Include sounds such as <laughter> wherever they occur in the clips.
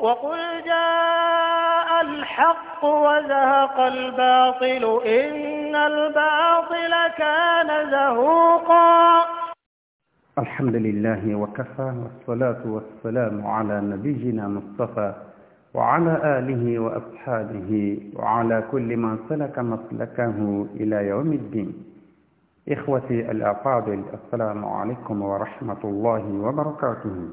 وقل جاء الحق وزهق الباطل إن الباطل كان زهوقا الحمد لله وكفى والصلاة والسلام على نبينا مصطفى وعلى آله وأصحابه وعلى كل من سلك مسلكه إلى يوم الدين إخوتي الأفاضل السلام عليكم ورحمة الله وبركاته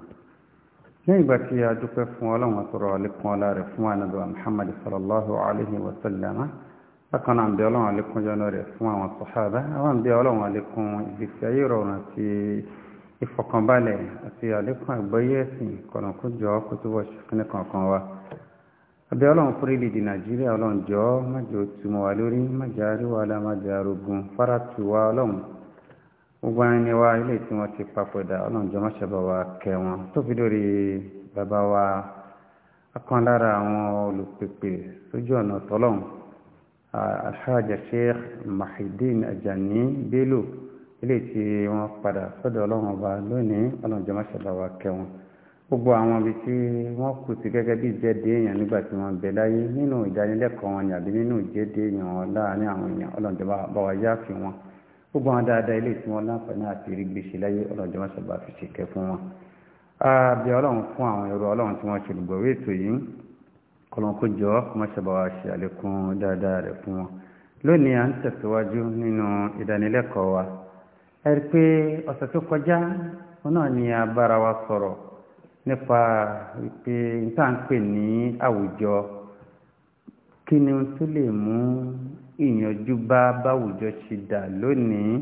lẹ́yìn ìgbà tí a dúpẹ́ fún ọlọ́run àtọ̀rọ̀ àlékún ọlá rẹ̀ fún ànábì muhammad sallallahu alayhi wa sallam bákan náà ń bẹ ọlọ́run àlékún yọ́nú rẹ̀ fún àwọn sọ̀hábà àwọn ń bẹ ọlọ́run àlékún ìgbésí ayé rọrùn àti ìfọkànbalẹ̀ àti àlékún àgbọ́yé ẹ̀sìn kọ̀nàkún jọ kó tó wọ́ ṣẹ́kínní kankan wa abẹ́ ọlọ́run fúrílì di nàìjíríà ọlọ́run jọ májò tùmọ̀ wá lórí májà àríwá alámájà arógun fárátù wa ọlọ́run gbogbo ẹni wa ilé tí wọ́n ti papòdà ọlọ́njọ́ mọ́ṣẹ́bà wa kẹ́ wọn tó fi lórí bàbá wa akọ́n lára àwọn olùpèpè sójú ọ̀nà alhaja sheikh mahidin ajani bello ilé tí padà sọ́dọ̀ ọlọ́run ọba lónìí ọlọ́njọ́ wa kẹ́ wọn gbogbo àwọn ibi tí kù sí bí èèyàn nígbà tí bẹ láyé nínú gbogbo àwọn dáadáa ilé tí wọ́n láǹfààní àti ìrígbèsè láyé ọlọ́jọ́ wọn sábà fi ṣe kẹ́ fún wọn. àbí ọlọ́run fún àwọn ẹrú ọlọ́run tí wọ́n ṣe lùgbọ̀ wí ètò yìí kọlọ́nkó jọ wọn sábà wá ṣe àlékún dáadáa rẹ̀ fún wọn. lónìí à ń tẹ̀síwájú nínú ìdánilẹ́kọ̀ọ́ wa. ẹ rí i pé ọ̀sẹ̀ tó kọjá náà ni a wa sọ̀rọ̀ nípa pé n tá ń pè ní àwùjọ kí ni tó lè mú ìyànjú bá báwùjọ ṣe dà lónìí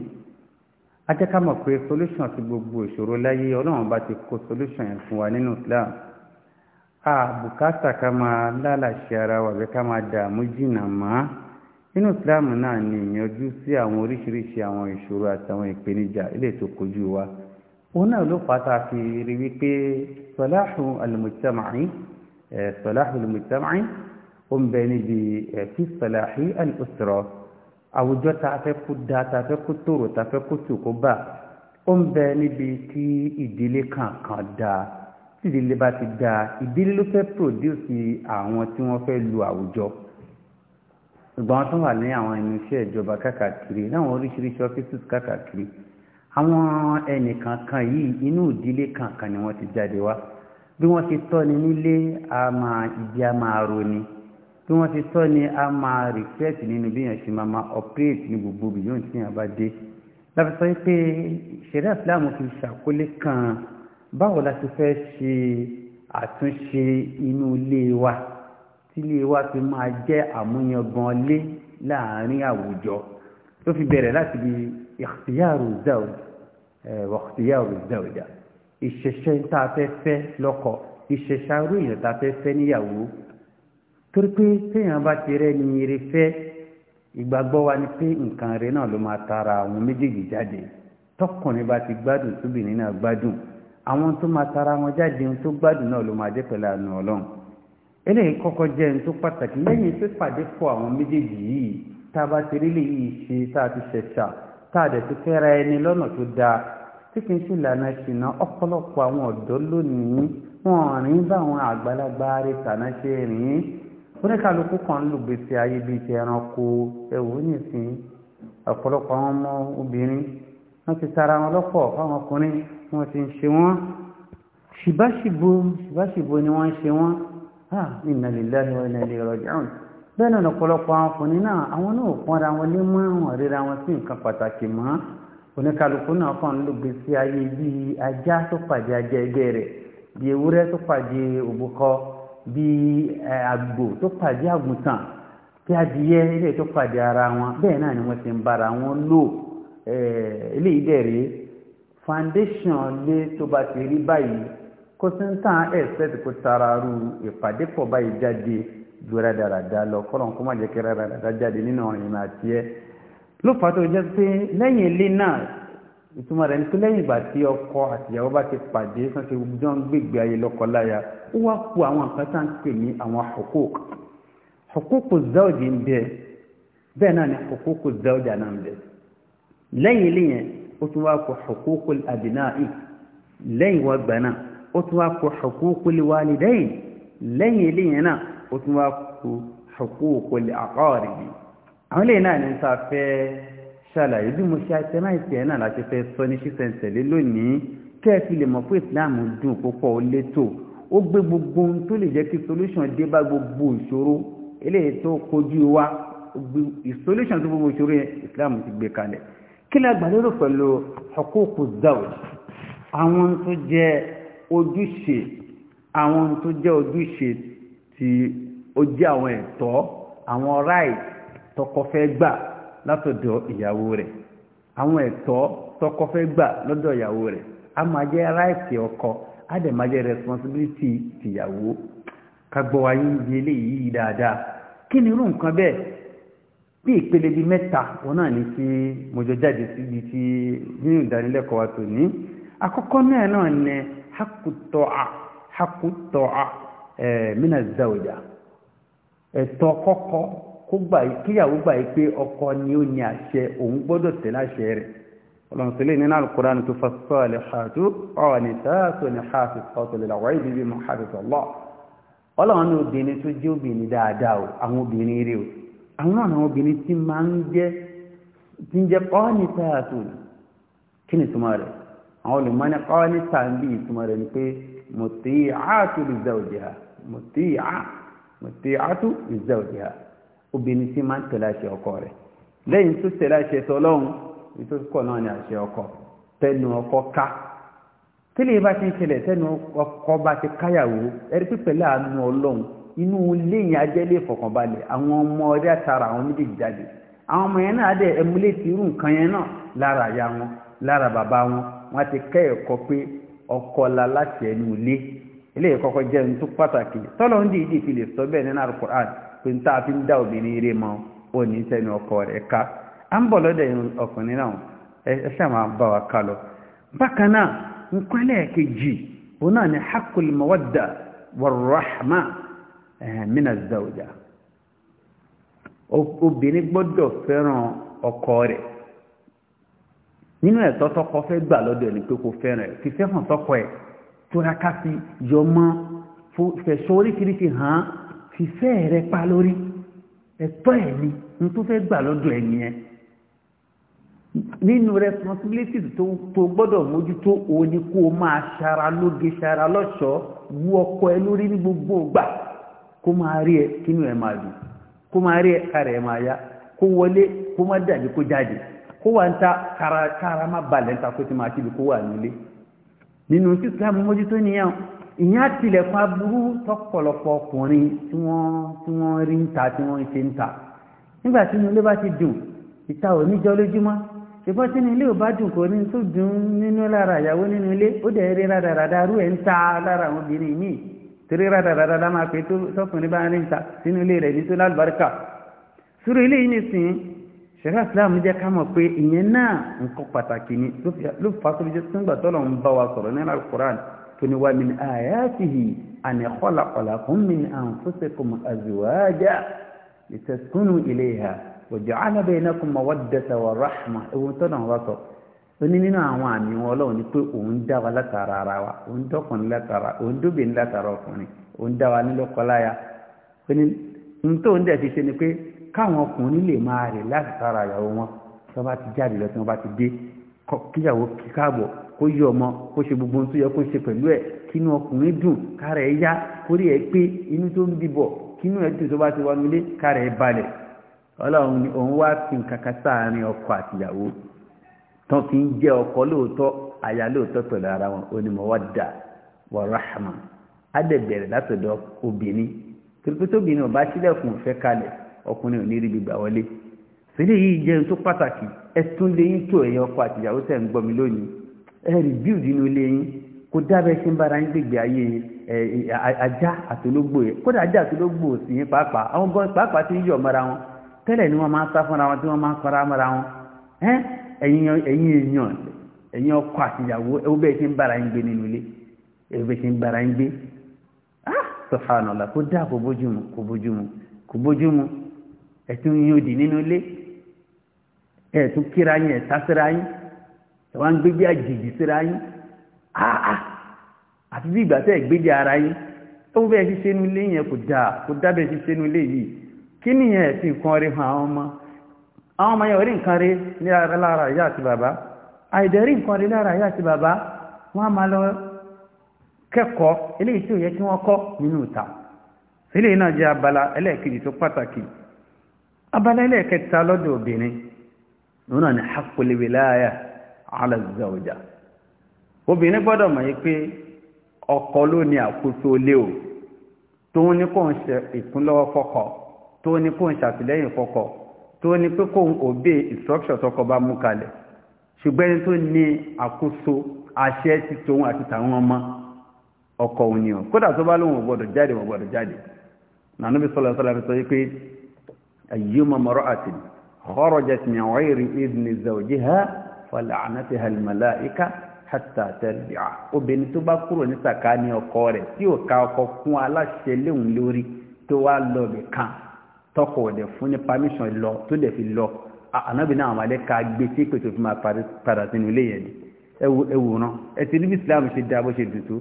ajẹ́ ká mọ̀ pé solution ti gbogbo ìṣòro láyé ọlọ́run bá ti kó solution yẹn fún wa nínú Islam a bùkátà ká máa lálàṣẹ ara wa bẹ́ẹ̀ ká máa dààmú jìnnà mọ́ nínú Islam náà ni ìyànjú sí àwọn oríṣiríṣi àwọn ìṣòro àtàwọn ìpèníjà ilé tó kojú wa òun náà ló pàtàkì rí wípé sọláhùn alùmùtẹ́màáyí sọláhùn alùmùtẹ́màáyí ó ń bẹ níbi ẹ̀fí sàlàhí àlùsọ̀rọ̀ àwùjọ tá a fẹ́ kó da tá a fẹ́ kó tòrò tá a fẹ́ kó tù kó bà ó ń bẹ níbi tí ìdílé kankan da tí ìdílé bá ti da ìdílé ló fẹ́ pòdúsì àwọn tí wọ́n fẹ́ lu àwùjọ ṣùgbọ́n wọ́n tún wà ní àwọn ẹnu iṣẹ́ ìjọba káàkiri láwọn oríṣiríṣi ọ́fíìsì káàkiri àwọn ẹnìkan yìí inú ìdílé kankan ni wọ́n ti jáde wá bí wọ́n ti tọ́ni nílé a máa ìdí a máa roni tí wọ́n ti tọ́ ni a máa reflect nínú bí yẹn ṣe máa máa operate ní gbogbo bí yóò tí yẹn bá dé láfisọ́ pé ṣẹ̀rẹ́ ìsìláàmù fi ṣàkólé kan báwo la ti fẹ́ ṣe àtúnṣe inú ilé wa tí ilé wa fi máa jẹ́ àmúyangan lé láàrin àwùjọ tó fi bẹ̀rẹ̀ láti bí ìkhtiyàrù zawj wa ìkhtiyàrù zawja ìṣẹ̀ṣẹ̀ tá a fẹ́ fẹ́ lọ́kọ ìṣẹ̀ṣẹ̀ arú èèyàn tá a fẹ́ fẹ́ níyàwó torí pé téèyàn bá ti rẹ́ ni eré fẹ́ ìgbàgbọ́ wa ni pé nǹkan rẹ̀ náà ló máa tara àwọn méjèèjì jáde tọkùnrin bá ti gbádùn tóbìnrin náà gbádùn àwọn tó máa tara wọn jáde ohun tó gbádùn náà ló máa jẹ́ pẹ̀lú àánú ọlọ́run eléyìí kọ́kọ́ jẹ́ ohun tó pàtàkì lẹ́yìn pé pàdé fọ àwọn méjèèjì yìí tá a bá ti rí lè yìí ṣe tá a ti ṣẹ̀ṣà tá a dẹ̀ ti fẹ́ra ẹni lọ́nà tó dáa tí kì í ṣe ìlànà ìṣìnà ọ̀pọ̀lọpọ̀ àwọn ọ̀dọ́ lónìí wọn rìn bá àgbàlagbà rẹ̀ tàná ṣe rìn oníkàlùkù kan ń lò gbèsè ayé bíi ti ẹranko ẹ̀wò nìsín ọ̀pọ̀lọpọ̀ àwọn ọmọ obìnrin wọ́n ti tara wọn lọ́pọ̀ fáwọn ọkùnrin wọ́n ti ń ṣe wọ́n ṣìbáṣìbo ṣìbáṣìbo ni wọ́n ń ṣe wọ́n ah inna lillahi wa inna ilayhi raji'un bẹ́ẹ̀ náà lọ́pọ̀lọpọ̀ àwọn ọkùnrin náà àwọn náà pọ́nra wọn lé mọ́ àwọn ríra wọn sí nǹkan pàtàkì mọ́ oníkàlùkù náà kàn ń lò gbèsè ayé bíi ajá tó pàdé ajá ẹgbẹ́ rẹ̀ bíi ewúrẹ́ tó pàdé òbúkọ bí àgbò tó pàdé àgùntàn tí adìyẹ ilé tó pàdé ara wọn bẹ́ẹ̀ náà ni wọ́n ti ń bára wọn lò eléyìí dẹ̀rẹ̀ foundation lé tó bá ti rí báyìí kó tí ń tàn ẹ̀sẹ̀tì kó tara ru ìpàdé pọ̀ báyìí jáde ju rádaràda lọ kọ́lọ̀ kó má jẹ́ kí rádaràda jáde nínú ọ̀rìn àti ẹ́ ló tó jẹ́ pé lẹ́yìn ilé náà ìtumọ̀ rẹ̀ ní pé lẹ́yìn ìgbà tí ọkọ àtìyàwó bá ti pàdé sọ́n ṣe gbogbo jọ́n gbègbè ayé lọ́kọláya ó wá ku àwọn nǹkan tá à ń pè ní àwọn hukuk hukuku zawji ń bẹ bẹ́ẹ̀ náà ni hukuku zawja náà ń bẹ lẹ́yìn ilé yẹn ó tún wá ku hukuku abinai lẹ́yìn wá gbà náà ó tún wá ku hukuku walidain lẹ́yìn ilé yẹn náà ó tún wá ku hukuku aqaribi àwọn ilé náà ní sáfẹ́ẹ́ ṣàlàyé bí mo ṣe àtẹ́máìsì ẹ̀ náà láti fẹ́ sọ ní ṣíṣẹ̀ǹtẹ̀lé lónìí kẹ́ẹ̀fì lè mọ̀ pé ìsìláàmù dùn púpọ̀ ó létò ó gbé gbogbo ohun tó lè jẹ́ kí solution dé bá gbogbo ìṣòro eléyìí tó kojú wa solution tó gbogbo ìṣòro yẹn ìsìláàmù ti gbé kalẹ̀ kí lè gbà lérò pẹ̀lú huququ zawj àwọn tó jẹ́ ojúṣe àwọn tó jẹ́ ojúṣe tí ó àwọn ẹ̀tọ́ àwọn right tọkọ fẹ́ gbà látọ̀dọ̀ ìyàwó rẹ̀ àwọn ẹ̀tọ́ tọkọ fẹ́ gbà lọ́dọ̀ ìyàwó rẹ̀ a máa jẹ́ ráìtì ọkọ a dẹ̀ máa jẹ́ responsibility tìyàwó kagbọ́ wáyé ń di eléyìí dáadáa kí ni irú nǹkan bẹ́ẹ̀ bí ìpele bíi mẹ́ta wọn náà ní mojọ jáde síbi tí nínú ìdánilẹ́kọ̀ọ́ wa tò ní àkọ́kọ́ náà náà ní eh, ẹ̀tọ́ kó gbà yí kíyàwó gbà yí pé ọkọ ni ó ní àṣẹ òun gbọ́dọ̀ tẹ̀lé àṣẹ rẹ̀ ọlọ́mùsílẹ̀ nínú alukóran tó fọ́sọ́ ẹ̀ ṣáàtú ọ̀rọ̀ ní sáàtò ní ṣáàtì ọ̀tọ̀ lè làwọ̀ ìdí bí muhammed ọlọ́ ọlọ́run ní obìnrin tó jẹ́ obìnrin dáadáa o àwọn obìnrin rè o àwọn àwọn obìnrin tí máa ń jẹ́ tí ń jẹ́ ọ́ọ̀nì sáàtò kí ni ìtumọ̀ rẹ̀ àwọn olùmọ̀ ní ọ́ọ̀nì sáàbì ìtumọ̀ rẹ̀ ni pé mùtíyàtú lè zẹ́ òjì ha mùtíyàtú lè zẹ́ òjì ha obìnrin tí máa ń tẹ̀lé àṣẹ ọkọ rẹ̀ lẹ́yìn tó tẹ̀lé àṣẹ tọlọ́run èyí tó kọ̀ náà ni àṣẹ ọkọ tẹnu ọkọ ká tílé bá ti ń ṣẹlẹ̀ tẹnu ọkọ bá ti káyàwó ẹ̀rí pípẹ́ láàánú ọlọ́run inú léyìn ajẹ́lé fọkànbalẹ̀ àwọn ọmọ ọdẹ àtàrà àwọn méjèèjì jáde àwọn ọmọ yẹn náà dẹ̀ ẹmúlẹ́tì irú nǹkan yẹn náà lára àyà wọn lára bàbá wọn wọn ti kẹ́ ẹ̀kọ́ pé ọkọ la láti ẹnu ilé ilé ìkọ́kọ́ jẹ́ ohun tó pàtàkì tọ́lọ́ ń dìídì fi sọ bẹ́ẹ̀ nínú àrùkọ́ àti pé n táà fi ń dá obìnrin ọkọ rẹ̀ ka à ń bọ̀ ọkùnrin náà ẹ sàmà bá wa ká lọ bákan náà nǹkan ẹlẹ́ẹ̀kejì òun náà ni hakul mawadda warahma mina zawja obìnrin gbọ́dọ̀ fẹ́ràn ọkọ rẹ̀ nínú ẹ̀tọ́ tọkọ fẹ́ gbà lọ́dọ̀ ẹni pé kò fẹ́ràn ẹ̀ fífẹ́ tọkọ fìfẹ́ rẹ pa lórí ẹ̀tọ́ ẹ̀ ni n tó fẹ́ gbà lọ́dọ̀ ẹ̀yìn yẹn nínú responsibilities tó gbọ́dọ̀ mójútó òun ni kó o máa ṣara lóge ṣara lọ́ṣọ̀ọ́ wú ọkọ ẹ lórí ní gbogbo ìgbà kó máa rí ẹ kínú ẹ máa dùn kó máa rí ẹ kára ẹ máa yá kó wọlé kó má dàbí kó jáde kó wà ń ta kára má balẹ̀ ń ta kó ti máa kíbi kó wà nílé nínú tí Islam mójútó nìyẹn ìyẹn àtìlẹ̀kùn aburú tọ́pọ̀lọpọ̀ ọkùnrin tí wọ́n tí wọ́n rí ń ta tí wọ́n ń ṣe ń ta nígbà tí inú ilé bá ti dùn ìta ò ní jọ lójúmọ́ ṣùgbọ́n tí inú ilé ò bá dùn kò ní tó dùn nínú lára ìyàwó nínú ilé ó dẹ̀ rí rádaràdà rú ẹ̀ ń ta lára àwọn obìnrin míì torí rádaràdà la máa pè tó tọkùnrin bá rí ń ta sínú ilé rẹ̀ ní tó lálùbáríkà sórí ilé yìí nìsín ṣẹ̀rá islam jẹ́ ká mọ̀ pé ìyẹn náà nǹkan pàtàkì ni ló fà á tó fi jẹ́ sígbà tọ́lọ̀ ń bá wa sọ̀rọ̀ ní alukur'an ni wa min ayatihi an khalaqa lakum min anfusikum azwaja litaskunu ilayha wa ja'ala bainakum mawaddata wa rahma ewu to na wa so oni nínú àwọn àmì wọn Ọlọ́run ni pé òun dá wa látara ara wa òun dọ́kùnrin látara òun dóbìnrin látara ọkùnrin òun dá wa nílọ́kọláya oni n tó ń dẹ̀ ti ṣe ni pé káwọn ọkùnrin lè máa rè látara ìyàwó wọn tí wọ́n bá ti jáde lọ tí ti dé kíyàwó kíkàbọ̀ kó yọ ọmọ kó ṣe gbogbo ohun tó yẹ kó ṣe pẹ̀lú ẹ̀ kínú ọkùnrin dùn kára ẹ̀ yá kórè ẹ̀ pé inú tó ń bíbọ̀ kínú ẹ̀ dùn tó bá ti wà nílé kára ẹ̀ balẹ̀ ọlọ́run ni òun wá fi nǹkan kan sáàárín ọkọ àtìyàwó tán fi ń jẹ́ ọkọ lóòótọ́ aya lóòótọ́ pẹ̀lú ara wọn ó ní wa rahma á dẹ̀ bẹ̀rẹ̀ látọ̀dọ̀ obìnrin tòlùpẹ̀tẹ̀ obìnrin ò bá sílẹ̀kùn fẹ́ kalẹ̀ ọkùnrin ò ní rí gbígbà wọlé sílẹ̀ yìí ẹtún lé yín tó ẹyẹ ọkọ àtìyàwó tẹ ń gbọmí lónìí ẹ rí bíúdì inú ilé yín kó dábẹ́ ṣe ń bára yín gbègbè ayé ẹ ajá àtológbò yẹ kódà ajá àtológbò sì yín pàápàá ti ń yọ̀ mọ́ra wọn tẹ́lẹ̀ ni wọ́n máa ń sá fúnra wọn tí wọ́n máa ń fara mọ́ra wọn ẹ̀yin èèyàn ọkọ àtìyàwó ẹ bẹ́ẹ̀ ṣe ń bára yín gbé nínú ilé bẹ́ẹ̀ ṣe ń bára yín gbé ah! kó kó ẹ̀ tún kíra yín ẹ̀ sá síra yín ẹ̀ wá ń gbé àjèjì síra ah, ah, àti bí ìgbà ara yín ó ilé yẹn kò dáa kò dábẹ́ ṣiṣẹ́ inú ilé yìí kí nìyẹn ẹ̀sìn nǹkan rí hàn àwọn ọmọ àwọn ọmọ yẹn ò rí nǹkan rí ní ara lára ìyá àti bàbá rí nǹkan rí lára ìyá àti bàbá á máa lọ eléyìí tí ò yẹ kí abala ẹlẹ́ẹ̀kejì tó pàtàkì abala òun ni haqqul wilaya ala zawja obìnrin gbọ́dọ̀ mọ̀ yí ọkọ ló ní àkóso ilé o tó ní kó ń ṣe ìkúnlọ́wọ́ fọ́kọ tó ní kó ń ṣàtìlẹ́yìn fọkọ tó ní pé kó ń òbí instruction tọkọ bá mú ṣùgbọ́n ẹni tó ní ọkọ ni o kódà tó bá lóun ò jáde ò jáde sọlọ sọlọ fi sọ pé خرجت من غير إذن زوجها فلعنتها الملائكة حتى ترجع obìnrin tó bá kúrò ní sàkání ọkọ rẹ̀ tí ò ka ọkọ kún aláṣẹ léhùn lórí tó wá lọ bì kan tọkọ ọdẹ fún ní pàmíṣàn lọ tó dẹ fi lọ ànábì náà àwọn àlẹka gbé tí pèsè fún máa padà sínú ilé yẹn ẹwù náà ẹ ti rí bí Islam ṣe dá bó ṣe dùn tó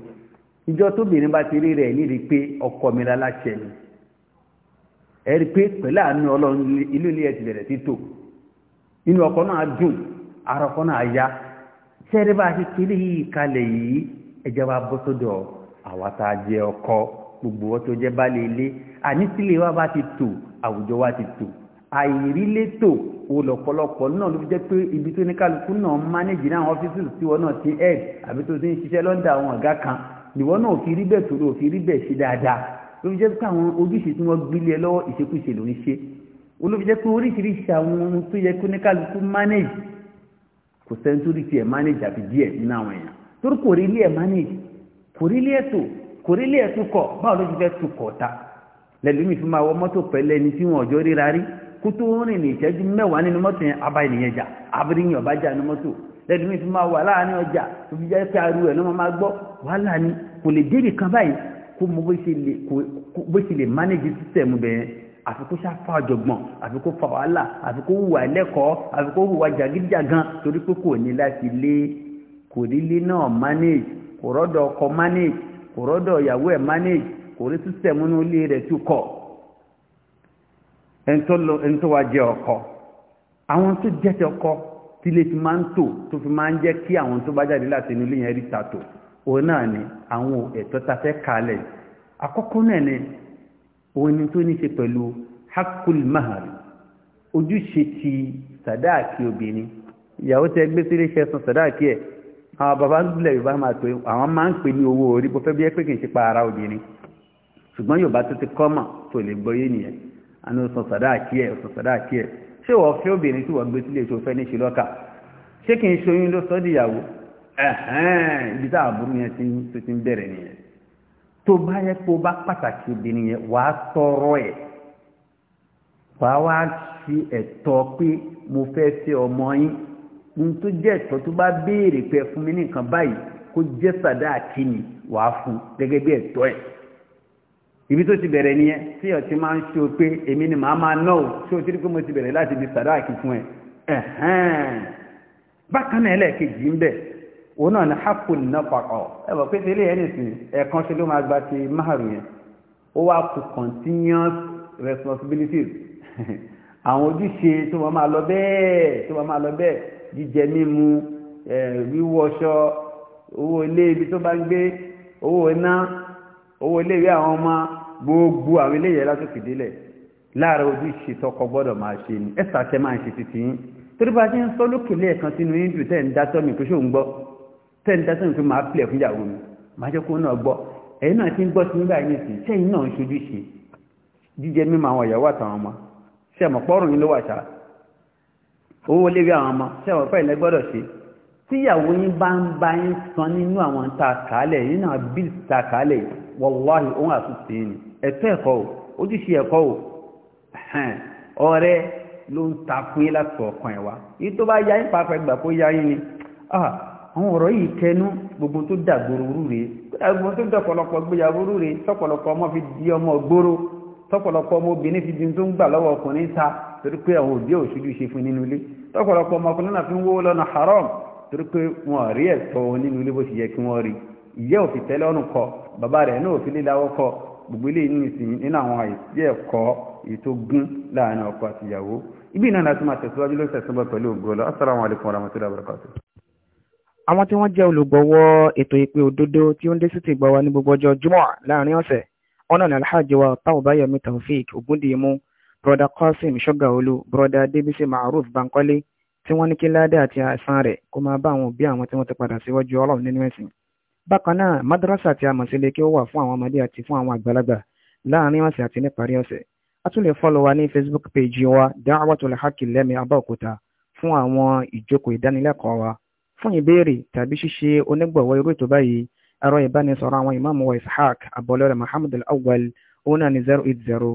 ìjọ tóbìnrin bá ti rí rẹ̀ nídìí pé ọkọ mi láláṣẹ ni ẹ̀rí pé pẹ̀lú àánú ọlọ́run inú ilé ẹ̀ bẹ̀rẹ̀ sí tò inú ọkọ̀ náà dùn ara ọkọ̀ náà yá sẹ́rí bá a ti kéde yìí kalẹ̀ yìí ẹjẹ́ wa bọ́ sódò àwa tá a jẹ ọkọ gbogbo wọn tó jẹ́ baálé ilé àní sílé wa bá ti tò àwùjọ wa ti tò àìrílétò olọ̀pọ̀lọpọ̀ náà ló fi jẹ́ pé ibi tó ní kálukú náà mánéjì náà àwọn ọ́fíìsì tiwọn náà ti ẹ̀ àbí tó ti ń ṣiṣẹ́ lọ́ńdà àwọn ọ̀gá kan ìwọ náà ò fi rí bẹ́ẹ̀ tó ló fi rí bẹ́ẹ̀ ṣe dáadáa ló fi jẹ́ pé àwọn ojúṣe tí wọ́n gbélé ẹ lọ́wọ́ ìṣekúṣe ló ń ṣe olóbi jẹ́ pé oríṣiríṣi àwọn ohun tó yẹ kó ní kálukú manage kò sẹ́ńtúrì tiẹ̀ manage àti díẹ̀ nínú àwọn èèyàn torí kò rí ilé ẹ̀ manage kò rí ilé ẹ̀ tó kò rí ilé ẹ̀ tó kọ̀ báwo ló ti fẹ́ tó kọ̀ ta lẹ́lómi fi máa wọ mọ́tò pẹ̀lẹ́ ni tí wọ́n ọjọ́ ríra rí kó tó rìn ní ìṣẹ́jú mẹ́wàá nínú mọ́tò yẹn abá ènìyàn jà abíríyìn ọ̀bá jà nínú mọ́tò lẹ́lómi fi máa wà láàárín ọjà tó fi jẹ́ pé ariwo ẹ̀ ló máa gbọ́ wàhálà ni kò lè débì kan báyìí kó mọ bó ṣe lè manage system bẹ́ẹ̀ àfikún ṣàfà ọ̀jọ̀gbọ̀n àfikún fa wàhálà àfikún hùwà ẹlẹ́kọ̀ọ́ àfikún hùwà jàgídíjàgan torí pé kò ní láti lé kò rí lé náà manage kò rọ́dọ̀ ọkọ manage kò rọ́dọ̀ ìyàwó ẹ̀ manage kò rí system inú ilé rẹ̀ tún kọ̀ ẹni tó wá jẹ́ ọkọ àwọn tó jẹ́ ti ọkọ tí ilé ti máa ń tò tó fi máa ń jẹ́ kí àwọn tó bá jáde láti inú ilé yẹn rí tàtò òun náà ni àwọn ẹ̀tọ́ ta fẹ́ kalẹ̀ àkọ́kọ́ náà ni òun ni tó ní ṣe pẹ̀lú hakul ojúṣe ti sàdáàkì obìnrin ìyàwó tẹ gbé sílé san sadaki ẹ̀ àwọn bàbá ńlẹ̀ yorùbá máa àwọn máa ń pè ní owó orí bó fẹ́ bí ẹ pé kì í ṣe pa ara obìnrin ṣùgbọ́n yorùbá tó ti kọ́ tó lè gbọ́yé nìyẹn àná san sàdáàkì ẹ̀ san sadaki ẹ̀hẹ́n ibi tá àbúrú yẹn ti tó ti ń bẹ̀rẹ̀ nìyẹn tó bá yẹ kó bá pàtàkì obìnrin yẹn wàá tọrọ ẹ̀ wàá wá fi ẹ̀tọ́ pé mo fẹ́ fẹ́ ọmọ yín ohun tó jẹ́ ẹ̀tọ́ tó bá béèrè pé ẹ fún mi ní nǹkan báyìí kó jẹ́ sàdá àkíní wàá fún gẹ́gẹ́ bí ẹ̀tọ́ ẹ̀ ibi tó ti bẹ̀rẹ̀ nìyẹn tí ọ̀ ti máa ń ṣe o pé èmi ni màá máa ná o ṣé o ti rí pé mo ti bẹ̀rẹ̀ láti ibi sàdá àkí fún ẹ ẹ̀hẹ́n bákan náà òun náà ni hapu nafaqo ẹ bọ̀ pé tẹ́lẹ̀ ẹni sìn ẹ̀kan ṣe ló máa gba ti máàrù yẹn ó wá kù continuous responsibilities <laughs> àwọn ojúṣe tó wọ́n máa lọ bẹ́ẹ̀ tó wọ́n máa lọ bẹ́ẹ̀ jíjẹ mímu wíwọṣọ owó ilé ibi tó bá ń gbé owó iná owó ilé ìwé àwọn ọmọ gbogbo àwọn ilé yẹn látòkè délẹ̀ láàárọ̀ ojúṣe tọkọ gbọ́dọ̀ máa ṣe ni ẹ̀sà tẹ máa ṣe títí torí bá a ṣe ń sọ lókè lẹ́ẹ̀kan sínú yín jù tẹ́ ń dá tọ́mì kó ṣóun gbọ́ tẹ́ǹtà tó ń fi máa pìlẹ̀ fúnjàwó mi máa jẹ́ kó náà gbọ́ ẹ̀yìn náà ti ń gbọ́ sí nígbà yìí nìsín sẹ́yìn náà ń ṣojú ṣe jíjẹ mímọ àwọn ìyàwó àtàwọn ọmọ ṣe mọ̀ pọ́rùn yín ló wà ṣá owó lérí àwọn ọmọ ṣe mọ̀ pẹ́yìn lẹ́gbọ́dọ̀ ṣe tíyàwó yín bá ń bá yín san nínú àwọn ta kàálẹ̀ yín náà bíl ta kàálẹ̀ wọláhì òun àtúntì yín ẹ̀tọ́ ẹ̀kọ́ o ojúṣe ẹ̀kọ́ o ọ̀rẹ́ ló ń takun yín láti ọ̀kan ẹ̀ wá yìí tó bá yá yín pàápàá gbà kó yá yín ni ah, àwọn ọ̀rọ̀ yìí kẹnu gbogbo tó dà gbòròrú rẹ̀ gbogbo tó dà pọ̀lọpọ̀ gbéyàwórú rẹ̀ tọ́pọ̀lọpọ̀ ọmọ fi di ọmọ gbòòrò tọ́pọ̀lọpọ̀ ọmọ obìnrin fi di tó ń gbà lọ́wọ́ ọkùnrin ta torí pé àwọn òbí òṣojú ṣe fún nínú ilé tọ́pọ̀lọpọ̀ ọmọkùnrin náà fi ń wó lọ́nà haram torí pé wọn rí ẹ̀tọ́ nínú ilé bó ṣe yẹ kí wọ́n rí ìyẹ́ ò fi tẹ́lẹ̀ ọ̀nù kọ bàbá rẹ̀ náà ò fi líláwọ́ kọ gbogbo ilé inú ìsìn nínú àwọn àìsí ẹ̀kọ́ èyí tó gún láàárín ọkọ àtìyàwó ibi náà láti máa tẹ̀síwájú ló tẹ̀síwájú pẹ̀lú ògbó lọ assalamu warahmatullahi wabarakatuh àwọn tí wọ́n jẹ́ olùgbọ̀wọ́ ètò ìpè òdodo tí ó ń dé sí ti gbọ̀wọ́ ní gbogbo ọjọ́ jùmọ̀ láàrin ọ̀sẹ̀ ọ̀nà ní alhaji wa taofik ògúndìyẹmú broda qasim ṣọ́gàolú broda DBC maruf bankole tí wọ́n ní kí ládé àti àìsàn rẹ̀ kó máa bá àwọn òbí àwọn tí wọ́n ti padà síwájú ọlọ́run nínú ẹ̀sìn bákan náà madrasa àti amọ̀sílẹ̀ kí ó wà fún àwọn ọmọdé àti fún àwọn àgbàlagbà láàrin ọ̀sẹ̀ àti níparí ọ̀sẹ̀ a tún lè fọ́lọ̀ wa ní facebook page wa dáhàwátò lẹ́hàkì lẹ́mí abáòkúta fún àwọn ìjókòó ìdánilẹ́kọ̀ọ́ wa fún ìbéèrè tàbí ṣíṣe onígbọ̀wọ́ irú ètò báyìí ẹ̀rọ ìbánisọ̀rọ̀ àwọn ìmáàmù wa ishaq abọ́lẹ́rẹ̀ muhammed al-awwal ona ni zero